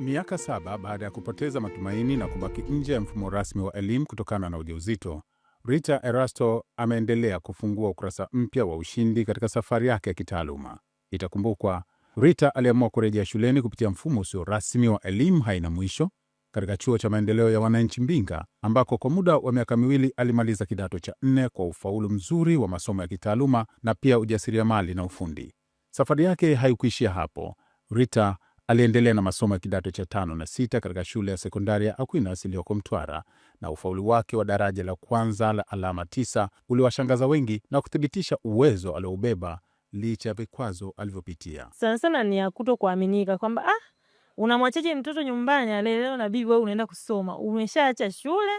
Miaka saba baada ya kupoteza matumaini na kubaki nje ya mfumo rasmi wa elimu kutokana na ujauzito, Rita Erasto ameendelea kufungua ukurasa mpya wa ushindi katika safari yake ya kitaaluma. Itakumbukwa, Rita aliamua kurejea shuleni kupitia mfumo usio rasmi wa elimu haina mwisho katika chuo cha maendeleo ya wananchi Mbinga, ambako kwa muda wa miaka miwili alimaliza kidato cha nne kwa ufaulu mzuri wa masomo ya kitaaluma na pia ujasiriamali na ufundi. Safari yake haikuishia hapo. Rita Aliendelea na masomo ya kidato cha tano na sita katika shule ya sekondari ya Aquinas iliyoko Mtwara, na ufauli wake wa daraja la kwanza la alama tisa uliwashangaza wengi na kuthibitisha uwezo alioubeba licha ya vikwazo alivyopitia. Sana sana ni ya kuto kuaminika kwamba ah, unamwachaje mtoto nyumbani alelewa na bibi, wewe unaenda kusoma, umeshaacha shule,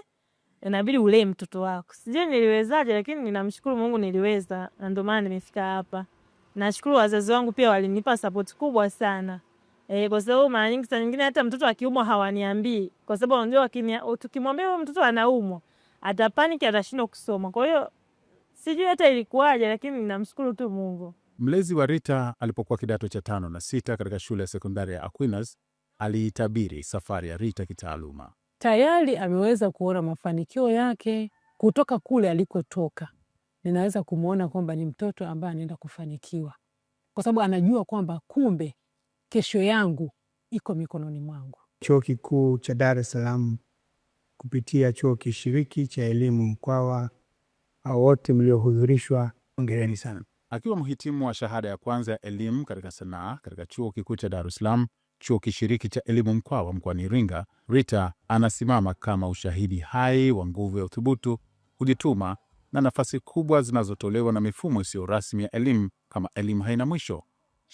inabidi ulee mtoto wako. Sijui niliwezaje, lakini ninamshukuru Mungu niliweza, na ndio maana nimefika hapa. Nashukuru wazazi wangu pia walinipa sapoti kubwa sana. E, kwa sababu mara nyingi saa nyingine hata mtoto akiumwa hawaniambii, kwa sababu unajua wanajua tukimwambia huyo mtoto anaumwa atapaniki, atashindwa kusoma. Kwa hiyo sijui hata ilikuwaje, lakini namshukuru tu Mungu. Mlezi wa Rita alipokuwa kidato cha tano na sita katika shule ya sekondari ya Aquinas aliitabiri safari ya Rita kitaaluma. Tayari ameweza kuona mafanikio yake kutoka kule alikotoka. Ninaweza kumwona kwamba ni mtoto ambaye anaenda kufanikiwa, kwa sababu anajua kwamba kumbe kesho yangu iko mikononi mwangu. Chuo Kikuu cha Dar es Salaam kupitia chuo kishiriki cha elimu Mkwawa, au wote mliohudhurishwa, ongereni sana. Akiwa mhitimu wa shahada ya kwanza ya elimu katika sanaa katika Chuo Kikuu cha Dar es Salaam, chuo kishiriki cha elimu Mkwawa mkoani Iringa, Rita anasimama kama ushahidi hai wa nguvu ya uthubutu, kujituma na nafasi kubwa zinazotolewa na mifumo isiyo rasmi ya elimu, kama elimu haina mwisho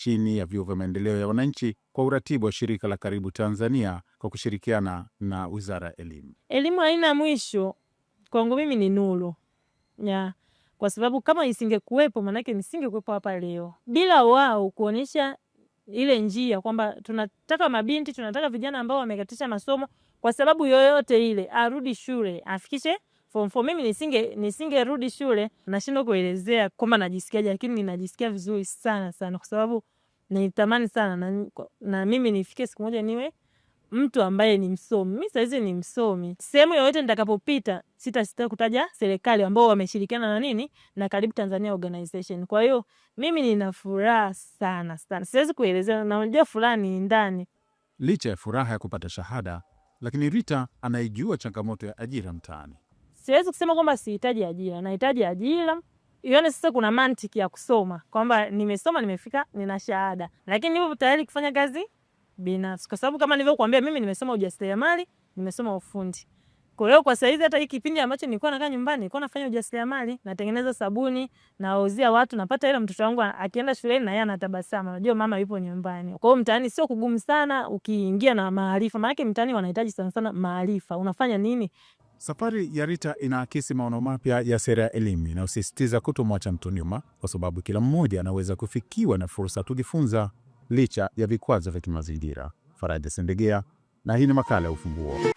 chini ya vyuo vya maendeleo ya wananchi kwa uratibu wa shirika la Karibu Tanzania kwa kushirikiana na Wizara ya Elimu. Elimu haina mwisho kwangu mimi ni nuru ya kwa sababu kama isingekuwepo, maanake nisingekuwepo hapa leo. Bila wao kuonyesha ile njia kwamba tunataka mabinti, tunataka vijana ambao wamekatisha masomo kwa sababu yoyote ile arudi shule afikishe form four. Mimi nisinge nisingerudi shule, nashindwa kuelezea kwamba najisikiaje, lakini ninajisikia vizuri sana sana, kwa sababu nitamani sana na, na mimi nifike siku moja niwe mtu ambaye ni msomi. Mi sahizi ni msomi, sehemu yoyote nitakapopita sita sita kutaja serikali ambao wameshirikiana na nini na Karibu Tanzania Organization. Kwa hiyo mimi nina furaha sana sana, siwezi kuelezea, na unajua furaha ni ndani. Licha ya furaha ya kupata shahada, lakini Rita anaijua changamoto ya ajira mtaani siwezi kusema kwamba sihitaji ajira, nahitaji ajira. Ione sasa kuna mantiki ya kusoma kwamba nimesoma, nimefika, nina shahada, lakini nipo tayari kufanya kazi binafsi, kwa sababu kama nilivyokuambia, mimi nimesoma ujasiriamali, nimesoma ufundi. Kwa hiyo kwa saizi hata hii kipindi ambacho nilikuwa nakaa nyumbani, nilikuwa nafanya ujasiriamali, natengeneza sabuni, nawauzia watu, napata hela. Mtoto wangu akienda shuleni na yeye anatabasama, unajua mama yupo nyumbani. Kwa hiyo mtaani sio kugumu sana ukiingia na maarifa, maanake mtaani wanahitaji sana sana maarifa. Unafanya nini? Safari ya Rita inaakisi maono mapya ya sera ya elimu inayosisitiza kutomwacha mtu nyuma, kwa sababu kila mmoja anaweza kufikiwa na fursa kujifunza licha ya vikwazo vya kimazingira. Faraja sendegea na hii ni makala ya Ufunguo.